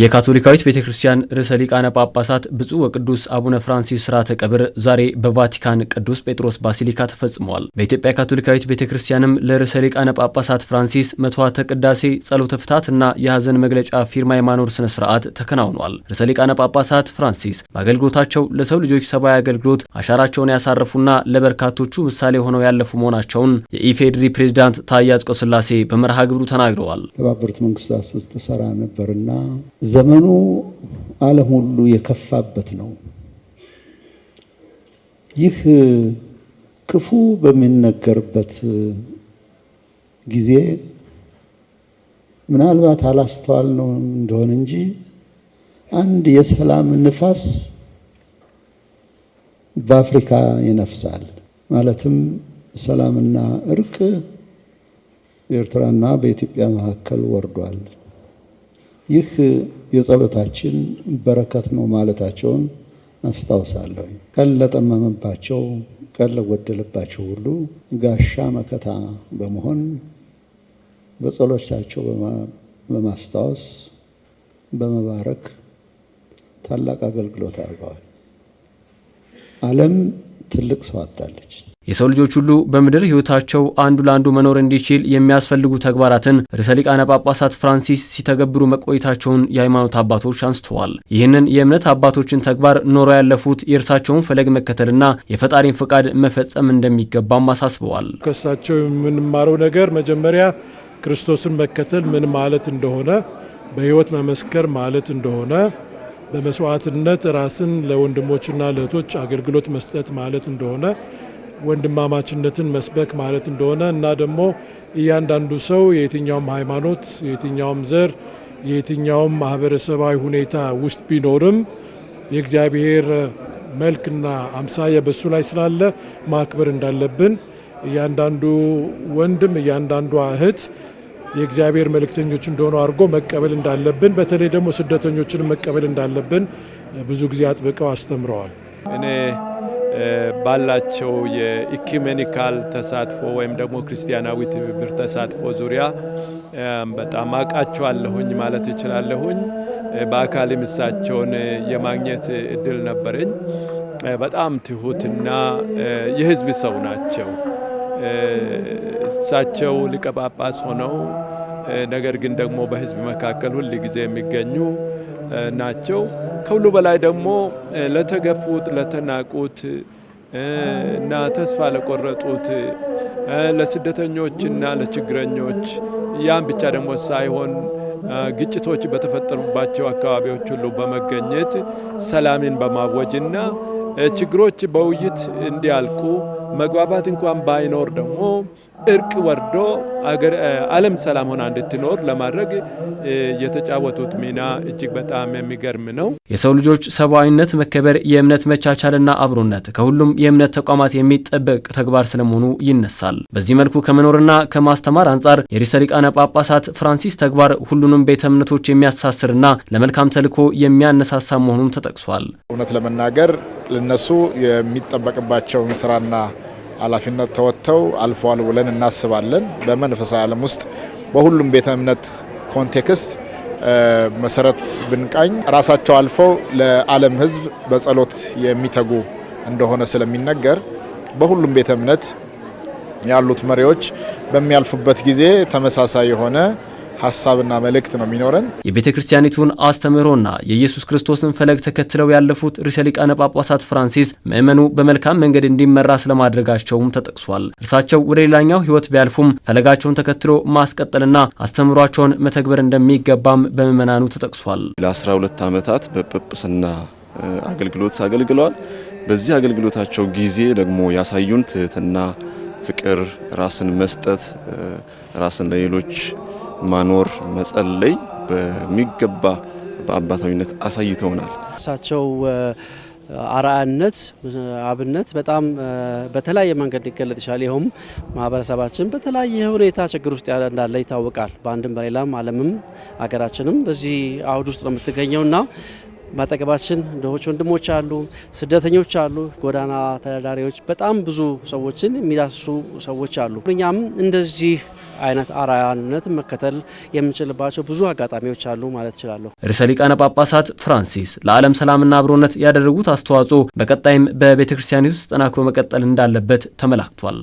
የካቶሊካዊት ቤተ ክርስቲያን ርዕሰ ሊቃነ ጳጳሳት ብፁዕ ወቅዱስ አቡነ ፍራንሲስ ስርዓተ ቀብር ዛሬ በቫቲካን ቅዱስ ጴጥሮስ ባሲሊካ ተፈጽሟል። በኢትዮጵያ ካቶሊካዊት ቤተ ክርስቲያንም ለርዕሰ ሊቃነ ጳጳሳት ፍራንሲስ መሥዋዕተ ቅዳሴ፣ ጸሎተ ፍትሐትና የሐዘን መግለጫ ፊርማ የማኖር ስነ ሥርዓት ተከናውኗል። ርዕሰ ሊቃነ ጳጳሳት ፍራንሲስ በአገልግሎታቸው ለሰው ልጆች ሰብአዊ አገልግሎት አሻራቸውን ያሳረፉና ለበርካቶቹ ምሳሌ ሆነው ያለፉ መሆናቸውን የኢፌዴሪ ፕሬዚዳንት ታዬ አጽቀሥላሴ በመርሃ ግብሩ ተናግረዋል። ተባበሩት መንግስታት ውስጥ ተሰራ ነበርና ዘመኑ ዓለም ሁሉ የከፋበት ነው። ይህ ክፉ በሚነገርበት ጊዜ ምናልባት አላስተዋል ነው እንደሆነ እንጂ አንድ የሰላም ንፋስ በአፍሪካ ይነፍሳል። ማለትም ሰላምና እርቅ በኤርትራና በኢትዮጵያ መካከል ወርዷል። ይህ የጸሎታችን በረከት ነው ማለታቸውን አስታውሳለሁ። ቀን ለጠመመባቸው፣ ቀን ለጎደለባቸው ሁሉ ጋሻ መከታ በመሆን በጸሎቻቸው በማስታወስ በመባረክ ታላቅ አገልግሎት አድርገዋል። ዓለም ትልቅ ሰው አጣለች። የሰው ልጆች ሁሉ በምድር ሕይወታቸው አንዱ ለአንዱ መኖር እንዲችል የሚያስፈልጉ ተግባራትን ርዕሰ ሊቃነ ጳጳሳት ፍራንሲስ ሲተገብሩ መቆየታቸውን የሃይማኖት አባቶች አንስተዋል። ይህንን የእምነት አባቶችን ተግባር ኖረው ያለፉት የእርሳቸውን ፈለግ መከተልና የፈጣሪን ፈቃድ መፈጸም እንደሚገባም አሳስበዋል። ከእሳቸው የምንማረው ነገር መጀመሪያ ክርስቶስን መከተል ምን ማለት እንደሆነ፣ በሕይወት መመስከር ማለት እንደሆነ በመስዋዕትነት ራስን ለወንድሞችና ለእህቶች አገልግሎት መስጠት ማለት እንደሆነ ወንድማማችነትን መስበክ ማለት እንደሆነ እና ደግሞ እያንዳንዱ ሰው የየትኛውም ሃይማኖት፣ የየትኛውም ዘር፣ የየትኛውም ማህበረሰባዊ ሁኔታ ውስጥ ቢኖርም የእግዚአብሔር መልክና አምሳየ በሱ ላይ ስላለ ማክበር እንዳለብን እያንዳንዱ ወንድም እያንዳንዷ እህት የእግዚአብሔር መልእክተኞች እንደሆኑ አድርጎ መቀበል እንዳለብን በተለይ ደግሞ ስደተኞችን መቀበል እንዳለብን ብዙ ጊዜ አጥብቀው አስተምረዋል። እኔ ባላቸው የኢኩሜኒካል ተሳትፎ ወይም ደግሞ ክርስቲያናዊ ትብብር ተሳትፎ ዙሪያ በጣም አውቃቸዋለሁኝ ማለት እችላለሁኝ። በአካል ምሳቸውን የማግኘት እድል ነበረኝ። በጣም ትሁትና የህዝብ ሰው ናቸው። እሳቸው ሊቀ ጳጳስ ሆነው ነገር ግን ደግሞ በህዝብ መካከል ሁል ጊዜ የሚገኙ ናቸው። ከሁሉ በላይ ደግሞ ለተገፉት፣ ለተናቁት እና ተስፋ ለቆረጡት ለስደተኞችና ለችግረኞች ያን ብቻ ደግሞ ሳይሆን ግጭቶች በተፈጠሩባቸው አካባቢዎች ሁሉ በመገኘት ሰላምን በማወጅና ችግሮች በውይይት እንዲያልቁ መግባባት እንኳን ባይኖር ደግሞ እርቅ ወርዶ ዓለም ሰላም ሆና እንድትኖር ለማድረግ የተጫወቱት ሚና እጅግ በጣም የሚገርም ነው። የሰው ልጆች ሰብአዊነት መከበር፣ የእምነት መቻቻልና አብሮነት ከሁሉም የእምነት ተቋማት የሚጠበቅ ተግባር ስለመሆኑ ይነሳል። በዚህ መልኩ ከመኖርና ከማስተማር አንጻር የርዕሰ ሊቃነ ጳጳሳት ፍራንሲስ ተግባር ሁሉንም ቤተ እምነቶች የሚያሳስርና ለመልካም ተልኮ የሚያነሳሳ መሆኑም ተጠቅሷል። እውነት ለመናገር ለነሱ የሚጠበቅባቸውን ስራና ኃላፊነት ተወጥተው አልፈዋል ብለን እናስባለን። በመንፈሳዊ ዓለም ውስጥ በሁሉም ቤተ እምነት ኮንቴክስት መሰረት ብንቃኝ ራሳቸው አልፈው ለዓለም ሕዝብ በጸሎት የሚተጉ እንደሆነ ስለሚነገር በሁሉም ቤተ እምነት ያሉት መሪዎች በሚያልፉበት ጊዜ ተመሳሳይ የሆነ ሀሳብና መልእክት ነው የሚኖረን። የቤተ ክርስቲያኒቱን አስተምህሮና የኢየሱስ ክርስቶስን ፈለግ ተከትለው ያለፉት ርዕሰ ሊቃነ ጳጳሳት ፍራንሲስ ምእመኑ በመልካም መንገድ እንዲመራ ስለማድረጋቸውም ተጠቅሷል። እርሳቸው ወደ ሌላኛው ህይወት ቢያልፉም ፈለጋቸውን ተከትሎ ማስቀጠልና አስተምሯቸውን መተግበር እንደሚገባም በምእመናኑ ተጠቅሷል። ለ12 ዓመታት በጵጵስና አገልግሎት አገልግለዋል። በዚህ አገልግሎታቸው ጊዜ ደግሞ ያሳዩን ትህትና፣ ፍቅር፣ ራስን መስጠት፣ ራስን ለሌሎች ማኖር፣ መጸለይ በሚገባ በአባታዊነት አሳይተውናል። እሳቸው አርአያነት አብነት በጣም በተለያየ መንገድ ሊገለጥ ይችላል። ይኸውም ማህበረሰባችን በተለያየ ሁኔታ ችግር ውስጥ እንዳለ ይታወቃል። በአንድም በሌላም ዓለምም አገራችንም በዚህ አውድ ውስጥ ነው የምትገኘውና በአጠገባችን ድሆች ወንድሞች አሉ፣ ስደተኞች አሉ፣ ጎዳና ተዳዳሪዎች፣ በጣም ብዙ ሰዎችን የሚዳስሱ ሰዎች አሉ። እኛም እንደዚህ አይነት አራያነት መከተል የምንችልባቸው ብዙ አጋጣሚዎች አሉ ማለት እችላለሁ። ርዕሰ ሊቃነ ጳጳሳት ፍራንሲስ ለዓለም ሰላምና አብሮነት ያደረጉት አስተዋጽኦ በቀጣይም በቤተ ክርስቲያኒቱ ውስጥ ጠናክሮ መቀጠል እንዳለበት ተመላክቷል።